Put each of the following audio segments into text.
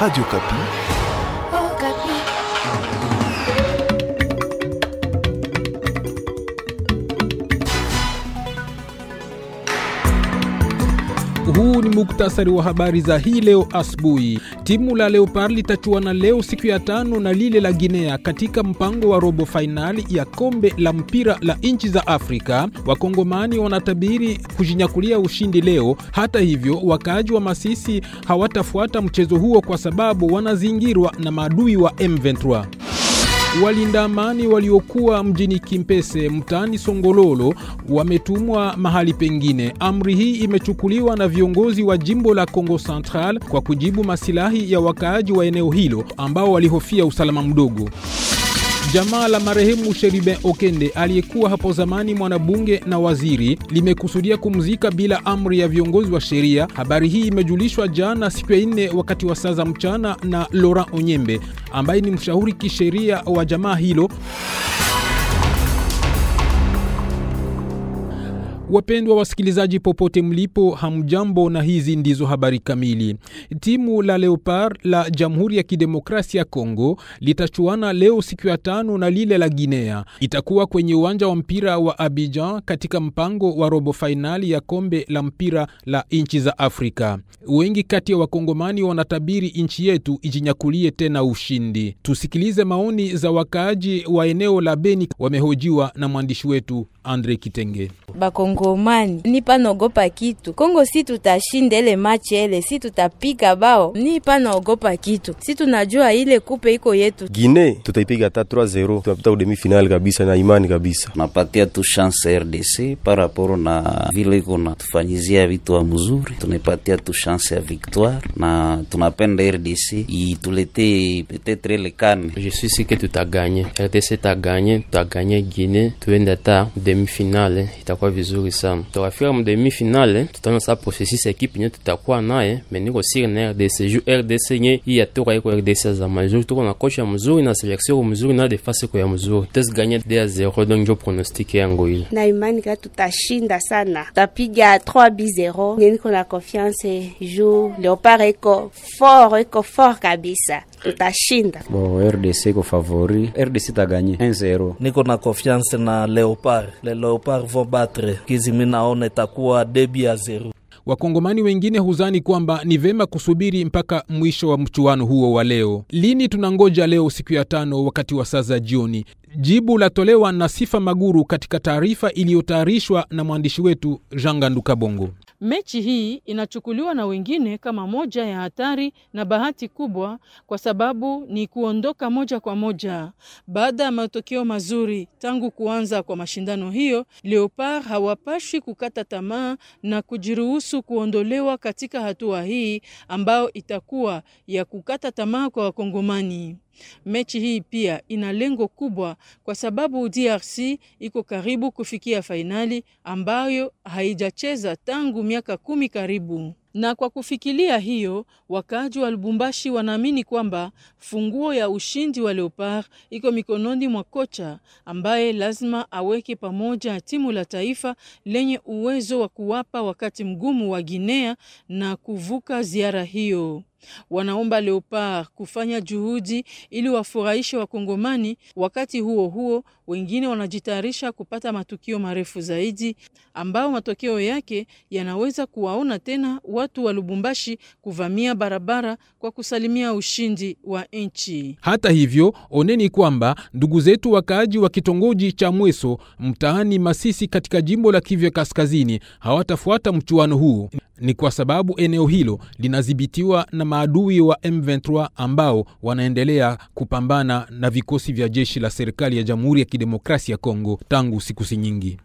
Radio Kapi. Oh, Kapi. Huu ni muktasari wa habari za hii leo asubuhi. Timu la Leopard litachuana leo siku ya tano na lile la Guinea katika mpango wa robo fainali ya kombe la mpira la nchi za Afrika. Wakongomani wanatabiri kujinyakulia ushindi leo. Hata hivyo, wakaaji wa Masisi hawatafuata mchezo huo kwa sababu wanazingirwa na maadui wa M23. Walinda amani waliokuwa mjini Kimpese mtaani Songololo wametumwa mahali pengine. Amri hii imechukuliwa na viongozi wa jimbo la Kongo Central kwa kujibu masilahi ya wakaaji wa eneo hilo ambao walihofia usalama mdogo. Jamaa la marehemu Sheriben Okende aliyekuwa hapo zamani mwanabunge na waziri limekusudia kumzika bila amri ya viongozi wa sheria. Habari hii imejulishwa jana siku ya nne wakati wa saa za mchana na Laurent Onyembe ambaye ni mshauri kisheria wa jamaa hilo. Wapendwa wasikilizaji, popote mlipo, hamjambo, na hizi ndizo habari kamili. Timu la Leopard la Jamhuri ya Kidemokrasia ya Kongo litachuana leo siku ya tano na lile la Guinea. Itakuwa kwenye uwanja wa mpira wa Abidjan katika mpango wa robo fainali ya kombe la mpira la nchi za Afrika. Wengi kati ya wakongomani wanatabiri nchi yetu ijinyakulie tena ushindi. Tusikilize maoni za wakaaji wa eneo la Beni, wamehojiwa na mwandishi wetu Andre Kitenge Bakongo. Mkongomani, nipanaogopa kitu. Kongo si tutashinda ile machi ele, si tutapiga bao, ni nipanaogopa kitu. Si tunajua ile kupe iko yetu. Gine tutaipiga hata 3-0, tunapita demi final kabisa na imani kabisa. Napatia tu chance RDC par rapport na vile iko na tufanyizia vitu wa mzuri, tunapatia tu chance ya victoire na tunapenda RDC itulete peut-être le can. Je suis sûr que tutaganye, RDC taganye, tutaganye Gine, tuende hata demi finale, itakuwa vizuri. kabisa. la demi finale, hein, tutaona sa processus équipe nye tutakuwa naye meniko siri na RDC ju RDC nye iya toka iko RDC za mazuri, tuko na kocha mzuri na selection mzuri na defense ko ya test gagner de 0 donc je pronostic yangu ile, na imani tutashinda sana, tapiga 3 0. Niko na confiance ju Leopard iko fort, iko fort kabisa. tutashinda. Bo RDC iko favori, RDC taganye 1-0. Niko na confiance na Leopard, le Leopard vont battre kizimi, naona itakuwa debi ya zero. Wakongomani wengine huzani kwamba ni vema kusubiri mpaka mwisho wa mchuano huo wa leo. Lini tunangoja leo siku ya tano wakati wa saa za jioni. Jibu latolewa na Sifa Maguru katika taarifa iliyotayarishwa na mwandishi wetu Jean Ganduka Mechi hii inachukuliwa na wengine kama moja ya hatari na bahati kubwa, kwa sababu ni kuondoka moja kwa moja baada ya matokeo mazuri tangu kuanza kwa mashindano hiyo. Leopard hawapashi kukata tamaa na kujiruhusu kuondolewa katika hatua hii ambayo itakuwa ya kukata tamaa kwa Wakongomani. Mechi hii pia ina lengo kubwa kwa sababu DRC iko karibu kufikia fainali ambayo haijacheza tangu miaka kumi karibu. Na kwa kufikilia hiyo, wakaaji wa Lubumbashi wanaamini kwamba funguo ya ushindi wa Leopard iko mikononi mwa kocha ambaye lazima aweke pamoja timu la taifa lenye uwezo wa kuwapa wakati mgumu wa Guinea na kuvuka ziara hiyo. Wanaomba Leopard kufanya juhudi ili wafurahishe Wakongomani. Wakati huo huo, wengine wanajitayarisha kupata matukio marefu zaidi, ambao matokeo yake yanaweza kuwaona tena watu wa Lubumbashi kuvamia barabara kwa kusalimia ushindi wa nchi. Hata hivyo, oneni kwamba ndugu zetu wakaaji wa kitongoji cha Mweso mtaani Masisi katika jimbo la Kivu Kaskazini hawatafuata mchuano huu, ni kwa sababu eneo hilo linadhibitiwa na maadui wa M23 ambao wanaendelea kupambana na vikosi vya jeshi la serikali ya Jamhuri ya Kidemokrasia ya Kongo tangu siku si nyingi.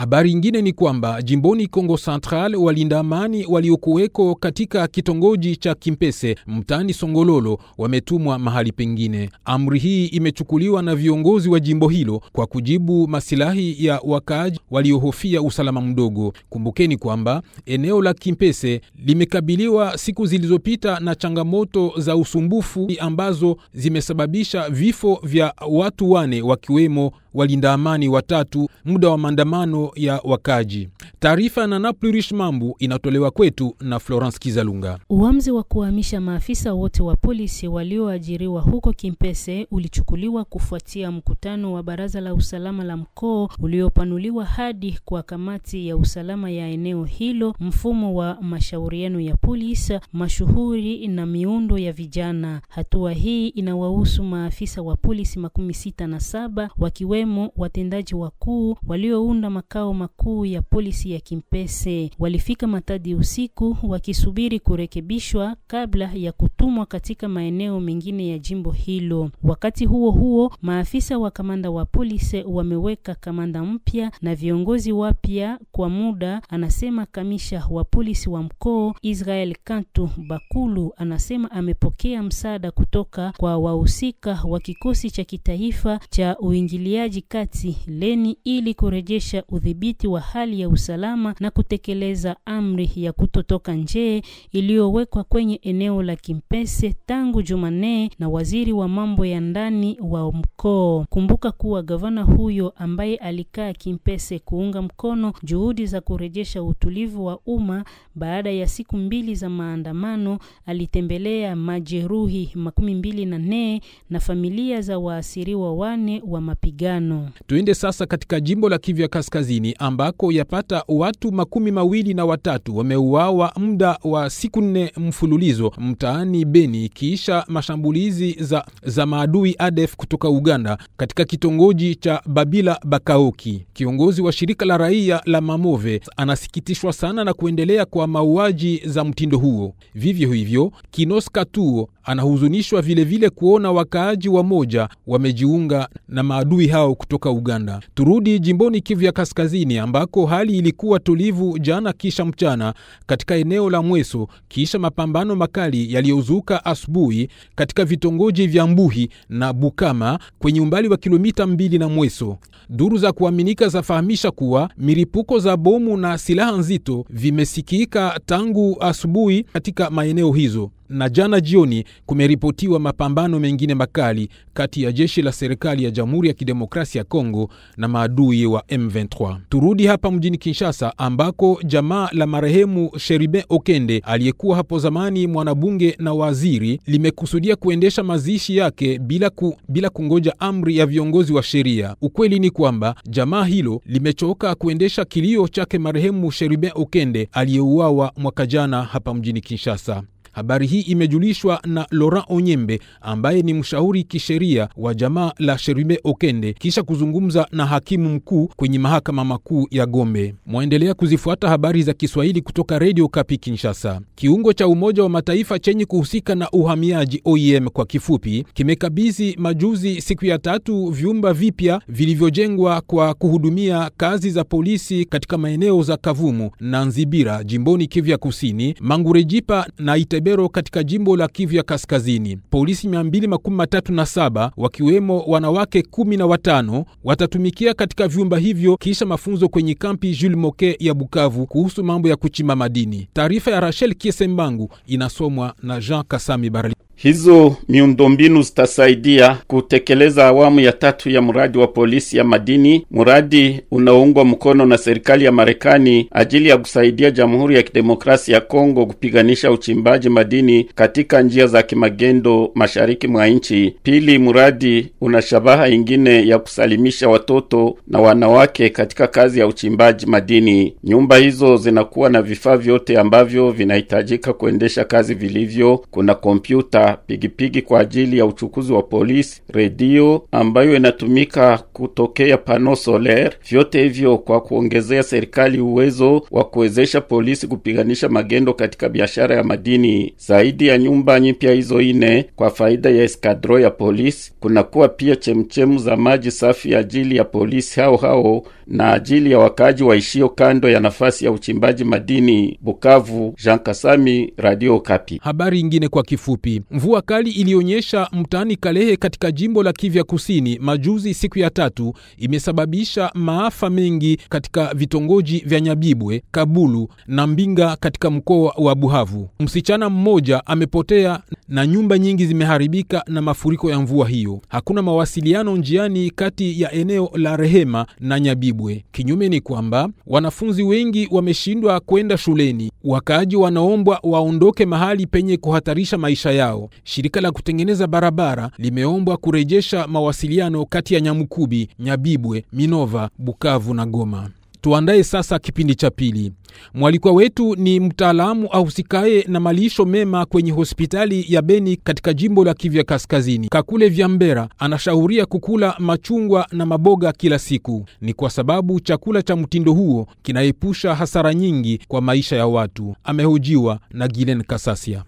Habari ingine ni kwamba jimboni Kongo Central walinda amani waliokuweko katika kitongoji cha Kimpese mtaani Songololo wametumwa mahali pengine. Amri hii imechukuliwa na viongozi wa jimbo hilo kwa kujibu masilahi ya wakaaji waliohofia usalama mdogo. Kumbukeni kwamba eneo la Kimpese limekabiliwa siku zilizopita na changamoto za usumbufu ambazo zimesababisha vifo vya watu wane wakiwemo walinda amani watatu muda wa maandamano ya wakaji. Taarifa na Naplurish Mambu inatolewa kwetu na Florence Kizalunga. Uamuzi wa kuhamisha maafisa wote wa polisi walioajiriwa huko Kimpese ulichukuliwa kufuatia mkutano wa baraza la usalama la mkoa uliopanuliwa hadi kwa kamati ya usalama ya eneo hilo, mfumo wa mashauriano ya polisi mashuhuri na miundo ya vijana. Hatua hii inawahusu maafisa wa polisi makumi sita na saba wakiwe wakiwemo watendaji wakuu waliounda makao makuu ya polisi ya Kimpese. Walifika Matadi usiku wakisubiri kurekebishwa kabla ya kutumwa katika maeneo mengine ya jimbo hilo. Wakati huo huo, maafisa wa kamanda wa polisi wameweka kamanda mpya na viongozi wapya kwa muda, anasema kamisha wa polisi wa mkoo Israel Kantu Bakulu. Anasema amepokea msaada kutoka kwa wahusika wa kikosi cha kitaifa cha uingiliaji uingiliaji kati Leni ili kurejesha udhibiti wa hali ya usalama na kutekeleza amri ya kutotoka nje iliyowekwa kwenye eneo la Kimpese tangu Jumanne na waziri wa mambo ya ndani wa mkoo Kumbuka kuwa gavana huyo ambaye alikaa Kimpese kuunga mkono juhudi za kurejesha utulivu wa umma baada ya siku mbili za maandamano alitembelea majeruhi makumi mbili na nne na familia za waasiriwa wane wa mapigano tano. Tuende sasa katika jimbo la Kivu ya Kaskazini ambako yapata watu makumi mawili na watatu wameuawa muda wa siku nne mfululizo mtaani Beni ikiisha mashambulizi za, za maadui ADF kutoka Uganda katika kitongoji cha Babila Bakaoki. Kiongozi wa shirika la raia la Mamove anasikitishwa sana na kuendelea kwa mauaji za mtindo huo. Vivyo hivyo Kinoska Tuo Anahuzunishwa vilevile vile kuona wakaaji wa moja wamejiunga na maadui hao kutoka Uganda. Turudi jimboni Kivu ya Kaskazini ambako hali ilikuwa tulivu jana kisha mchana katika eneo la Mweso kisha mapambano makali yaliyozuka asubuhi katika vitongoji vya Mbuhi na Bukama kwenye umbali wa kilomita mbili na Mweso. Duru za kuaminika zafahamisha kuwa miripuko za bomu na silaha nzito vimesikika tangu asubuhi katika maeneo hizo na jana jioni kumeripotiwa mapambano mengine makali kati ya jeshi la serikali ya Jamhuri ya Kidemokrasia ya Kongo na maadui wa M23. Turudi hapa mjini Kinshasa ambako jamaa la marehemu Sheriben Okende aliyekuwa hapo zamani mwanabunge na waziri limekusudia kuendesha mazishi yake bila, ku, bila kungoja amri ya viongozi wa sheria. Ukweli ni kwamba jamaa hilo limechoka kuendesha kilio chake marehemu Sheriben Okende aliyeuawa mwaka jana hapa mjini Kinshasa. Habari hii imejulishwa na Laurent Onyembe ambaye ni mshauri kisheria wa jamaa la Sherime Okende kisha kuzungumza na hakimu mkuu kwenye mahakama makuu ya Gombe. Mwaendelea kuzifuata habari za Kiswahili kutoka Radio Kapi Kinshasa. Kiungo cha Umoja wa Mataifa chenye kuhusika na uhamiaji OIM e kwa kifupi, kimekabidhi majuzi siku ya tatu vyumba vipya vilivyojengwa kwa kuhudumia kazi za polisi katika maeneo za Kavumu na Nzibira jimboni Kivu ya Kusini, Mangurejipa na Ite Lubero katika jimbo la Kivu ya Kaskazini. Polisi 237 wakiwemo wanawake 15 watatumikia katika vyumba hivyo kisha mafunzo kwenye kampi Jules Moke ya Bukavu kuhusu mambo ya kuchimba madini. Taarifa ya Rachel Kiesembangu inasomwa na Jean Kasami Barali. Hizo miundombinu zitasaidia kutekeleza awamu ya tatu ya mradi wa polisi ya madini, mradi unaoungwa mkono na serikali ya Marekani ajili ya kusaidia Jamhuri ya Kidemokrasia ya Kongo kupiganisha uchimbaji madini katika njia za kimagendo mashariki mwa nchi. Pili, mradi una shabaha ingine ya kusalimisha watoto na wanawake katika kazi ya uchimbaji madini. Nyumba hizo zinakuwa na vifaa vyote ambavyo vinahitajika kuendesha kazi vilivyo. Kuna kompyuta pigipigi kwa ajili ya uchukuzi wa polisi, redio ambayo inatumika kutokea pano solaire. Vyote hivyo kwa kuongezea serikali uwezo wa kuwezesha polisi kupiganisha magendo katika biashara ya madini. Zaidi ya nyumba nyipya hizo ine kwa faida ya eskadro ya polisi, kunakuwa pia chemchemu za maji safi ajili ya polisi hao hao na ajili ya wakaaji waishio kando ya nafasi ya uchimbaji madini. Bukavu, Jean Kasami, Radio Kapi. Habari ingine kwa kifupi. Mvua kali iliyoonyesha mtaani Kalehe katika jimbo la Kivya Kusini majuzi siku ya tatu imesababisha maafa mengi katika vitongoji vya Nyabibwe, Kabulu na Mbinga katika mkoa wa Buhavu. Msichana mmoja amepotea na nyumba nyingi zimeharibika na mafuriko ya mvua hiyo. Hakuna mawasiliano njiani kati ya eneo la Rehema na Nyabibwe. Kinyume ni kwamba wanafunzi wengi wameshindwa kwenda shuleni. Wakaaji wanaombwa waondoke mahali penye kuhatarisha maisha yao yao. Shirika la kutengeneza barabara limeombwa kurejesha mawasiliano kati ya Nyamukubi, Nyabibwe, Minova, Bukavu na Goma. Tuandaye sasa kipindi cha pili. Mwalikwa wetu ni mtaalamu ahusikaye na malisho mema kwenye hospitali ya Beni katika jimbo la kivya Kaskazini. Kakule Vyambera anashauria kukula machungwa na maboga kila siku, ni kwa sababu chakula cha mtindo huo kinaepusha hasara nyingi kwa maisha ya watu. Amehojiwa na Gilen Kasasia.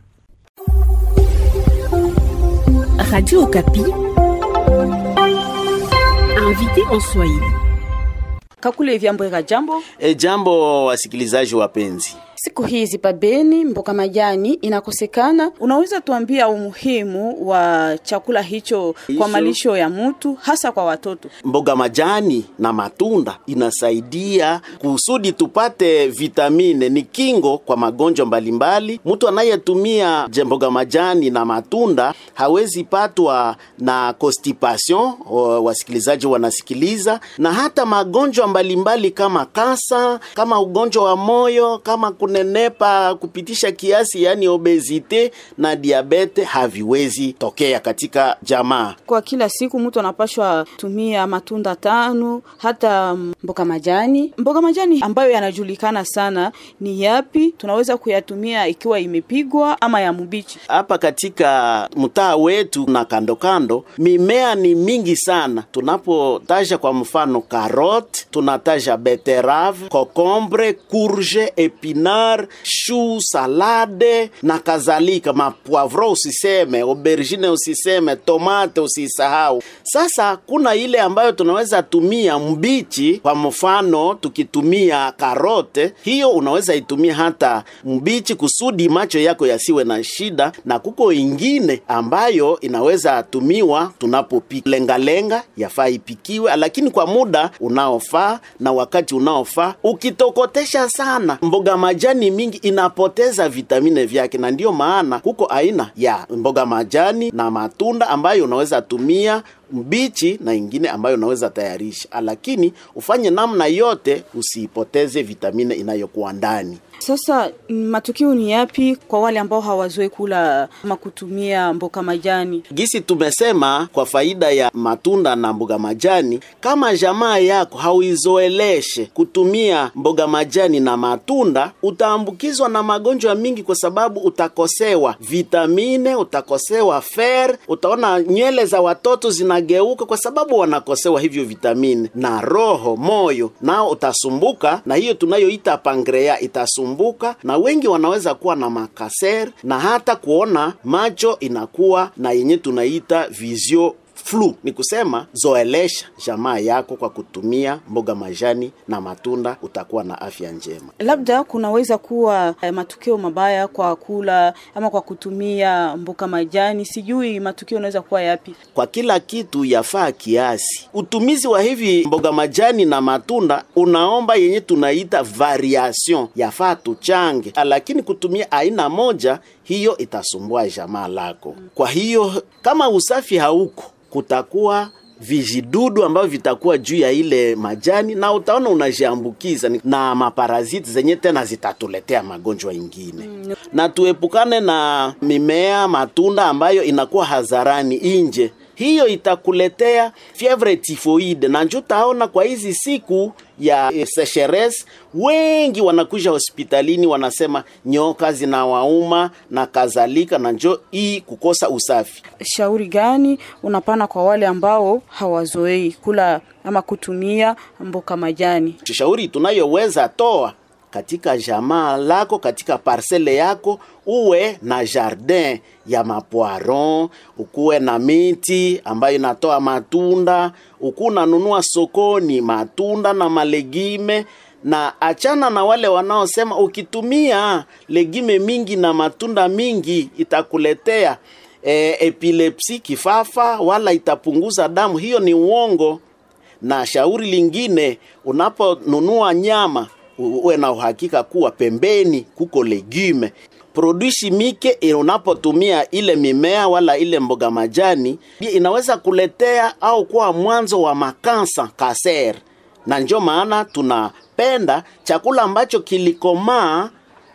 Radio Okapi, invité en Swahili. Kakule Vyambwega, jambo. E jambo, wasikilizaji wapenzi. Siku hizi pabeni mboga majani inakosekana. Unaweza tuambia umuhimu wa chakula hicho Isu, kwa malisho ya mtu hasa kwa watoto? Mboga majani na matunda inasaidia kusudi tupate vitamine, ni kingo kwa magonjwa mbalimbali. Mtu anayetumia mboga majani na matunda hawezi patwa na constipation, wasikilizaji wanasikiliza, na hata magonjwa mbalimbali mbali kama kansa, kama ugonjwa wa moyo, kama kuna kunenepa kupitisha kiasi, yani obezite na diabete haviwezi tokea katika jamaa. Kwa kila siku mtu anapashwa tumia matunda tano, hata mboga majani. Mboga majani ambayo yanajulikana sana ni yapi? Tunaweza kuyatumia ikiwa imepigwa ama ya mbichi. Hapa katika mtaa wetu na kando kando, mimea ni mingi sana. Tunapotaja kwa mfano karoti, tunataja beterave, kokombre, kurje, epina epinard, chou, salade na kadhalika, mapoivro usiseme, aubergine usiseme, tomate usisahau. Sasa kuna ile ambayo tunaweza tumia mbichi, kwa mfano tukitumia karote, hiyo unaweza itumia hata mbichi kusudi macho yako yasiwe na shida, na kuko ingine ambayo inaweza tumiwa tunapopika lengalenga, yafaa ipikiwe lakini kwa muda unaofaa na wakati unaofaa. Ukitokotesha sana mboga maji majani mingi inapoteza vitamine vyake, na ndiyo maana kuko aina ya mboga majani na matunda ambayo unaweza tumia mbichi na ingine ambayo unaweza tayarisha, ah, lakini ufanye namna yote usiipoteze vitamini inayokuwa ndani. Sasa mm, matukio ni yapi kwa wale ambao hawazoe kula ama kutumia mboga majani? Gisi tumesema kwa faida ya matunda na mboga majani, kama jamaa yako hauizoeleshe kutumia mboga majani na matunda, utaambukizwa na magonjwa mingi, kwa sababu utakosewa vitamine, utakosewa fer. Utaona nywele za watoto zina wanageuka kwa sababu wanakosewa hivyo vitamini, na roho moyo nao utasumbuka, na hiyo tunayoita pangrea itasumbuka, na wengi wanaweza kuwa na makaser na hata kuona macho inakuwa na yenye tunaita vizio flu ni kusema zoelesha jamaa yako kwa kutumia mboga majani na matunda, utakuwa na afya njema. Labda kunaweza kuwa eh, matukio mabaya kwa kula ama kwa kutumia mboga majani, sijui matukio unaweza kuwa yapi? Kwa kila kitu yafaa kiasi. Utumizi wa hivi mboga majani na matunda unaomba yenye tunaita variation, yafaa tuchange, lakini kutumia aina moja hiyo itasumbua jamaa lako. Kwa hiyo kama usafi hauko kutakuwa vijidudu ambavyo vitakuwa juu ya ile majani, na utaona unajiambukiza na maparaziti zenye tena zitatuletea magonjwa ingine mm. Na tuepukane na mimea matunda ambayo inakuwa hadharani nje hiyo itakuletea fievre tifoide, na njo kwa hizi siku ya e, sesheres wengi wanakuja hospitalini wanasema nyoka zinawauma na kadhalika, na njo hii kukosa usafi. Shauri gani unapana kwa wale ambao hawazoei kula ama kutumia mboka majani? Shauri tunayoweza toa katika jamaa lako, katika parcele yako, uwe na jardin ya mapwaron, ukuwe na miti ambayo inatoa matunda, uku unanunua sokoni matunda na malegime na achana na wale wanaosema ukitumia legime mingi na matunda mingi itakuletea e, eh, epilepsi kifafa, wala itapunguza damu. Hiyo ni uongo. Na shauri lingine, unaponunua nyama uwe na uhakika kuwa pembeni kuko legume produi shimike unapotumia ile mimea wala ile mboga majani inaweza kuletea au kuwa mwanzo wa makansa kaser, na ndio maana tunapenda chakula ambacho kilikomaa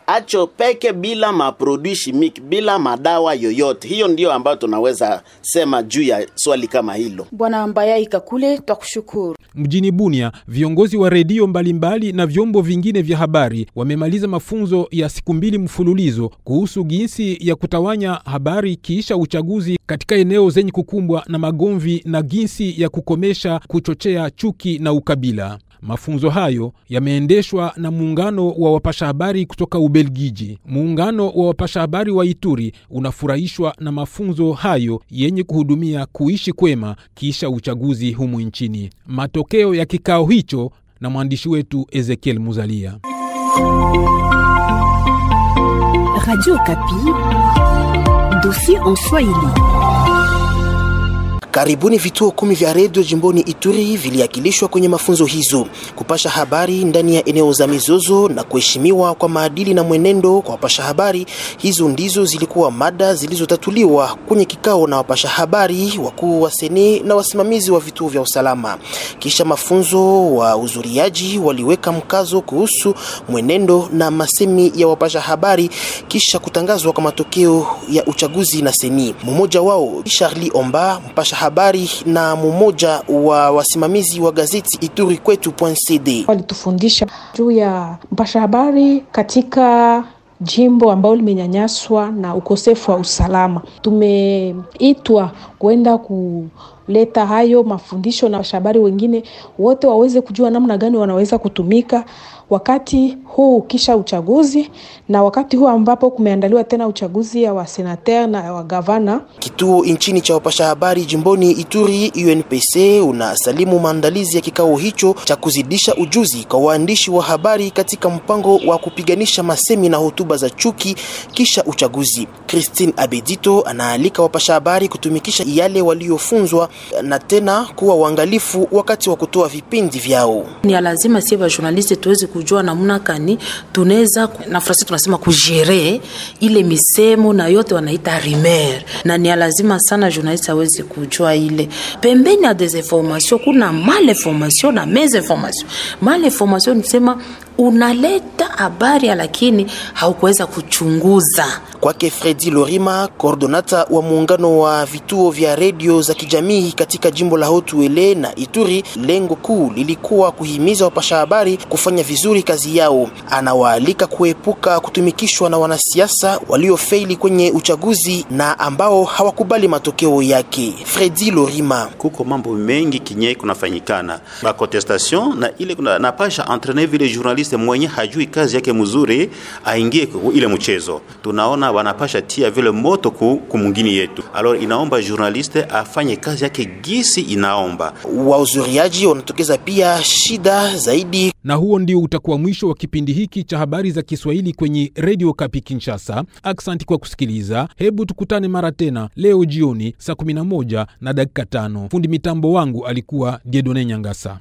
acho peke bila maprodui shimiki bila madawa yoyote. Hiyo ndiyo ambayo tunaweza sema juu ya swali kama hilo. Bwana mbayai Ikakule, twakushukuru. Mjini Bunia, viongozi wa redio mbalimbali na vyombo vingine vya habari wamemaliza mafunzo ya siku mbili mfululizo kuhusu jinsi ya kutawanya habari kiisha uchaguzi katika eneo zenye kukumbwa na magomvi na jinsi ya kukomesha kuchochea chuki na ukabila. Mafunzo hayo yameendeshwa na muungano wa wapasha habari kutoka Ubelgiji. Muungano wa wapasha habari wa Ituri unafurahishwa na mafunzo hayo yenye kuhudumia kuishi kwema kisha uchaguzi humu nchini. Matokeo ya kikao hicho na mwandishi wetu Ezekiel Muzalia. Radio Kapi, en Swahili. Karibuni vituo kumi vya redio jimboni Ituri viliakilishwa kwenye mafunzo hizo kupasha habari ndani ya eneo za mizozo na kuheshimiwa kwa maadili na mwenendo kwa wapasha habari. Hizo ndizo zilikuwa mada zilizotatuliwa kwenye kikao na wapasha habari wakuu wa seni na wasimamizi wa vituo vya usalama. Kisha mafunzo, wa uzuriaji waliweka mkazo kuhusu mwenendo na masemi ya wapasha habari kisha kutangazwa kwa matokeo ya uchaguzi na seni. Mmoja wao Charlie Omba, mpasha habari na mmoja wa wasimamizi wa gazeti Ituri kwetu cd Walitufundisha juu ya mpasha habari katika jimbo ambalo limenyanyaswa na ukosefu wa usalama. Tumeitwa ku kuleta hayo mafundisho na washabari wengine wote waweze kujua namna gani wanaweza kutumika wakati huu kisha uchaguzi na wakati huu ambapo kumeandaliwa tena uchaguzi ya wasenater na wagavana. Kituo nchini cha wapasha habari jimboni Ituri UNPC unasalimu maandalizi ya kikao hicho cha kuzidisha ujuzi kwa waandishi wa habari katika mpango wa kupiganisha masemi na hotuba za chuki kisha uchaguzi. Christine Abedito anaalika wapasha habari kutumikisha yale waliofunzwa na tena kuwa waangalifu wakati wa kutoa vipindi vyao. Ni lazima sisi wa tuweze kujua namna kani tunaweza na fransi tunasema kujere ile misemo na yote wanaita rimer, na ni lazima sana journalist aweze kujua ile. Pembeni ya desinformation kuna malinformation na mesinformation. Malinformation nisema unaleta habari lakini haukuweza kuchunguza. Kwake Fredi Lorima, koordonata wa muungano wa vituo vya redio za kijamii katika jimbo la Hotuele na Ituri, lengo kuu lilikuwa kuhimiza wapasha habari kufanya vizuri vizuri kazi yao. Anawaalika kuepuka kutumikishwa na wanasiasa waliofeili kwenye uchaguzi na ambao hawakubali matokeo yake. Fredi Lorima: kuko mambo mengi kinye kunafanyikana ba contestation na ile kuna, na pasha vile journaliste mwenye hajui kazi yake mzuri aingie ile mchezo, tunaona wanapasha tia vile moto kumungini yetu. Alors inaomba journaliste afanye kazi yake gisi inaomba. Wauzuriaji wanatokeza pia shida zaidi, na huo ndio utakuwa mwisho wa kipindi hiki cha habari za Kiswahili kwenye redio Kapi Kinshasa. Aksanti kwa kusikiliza. Hebu tukutane mara tena leo jioni saa 11 na dakika tano. Fundi mitambo wangu alikuwa Diedone Nyangasa.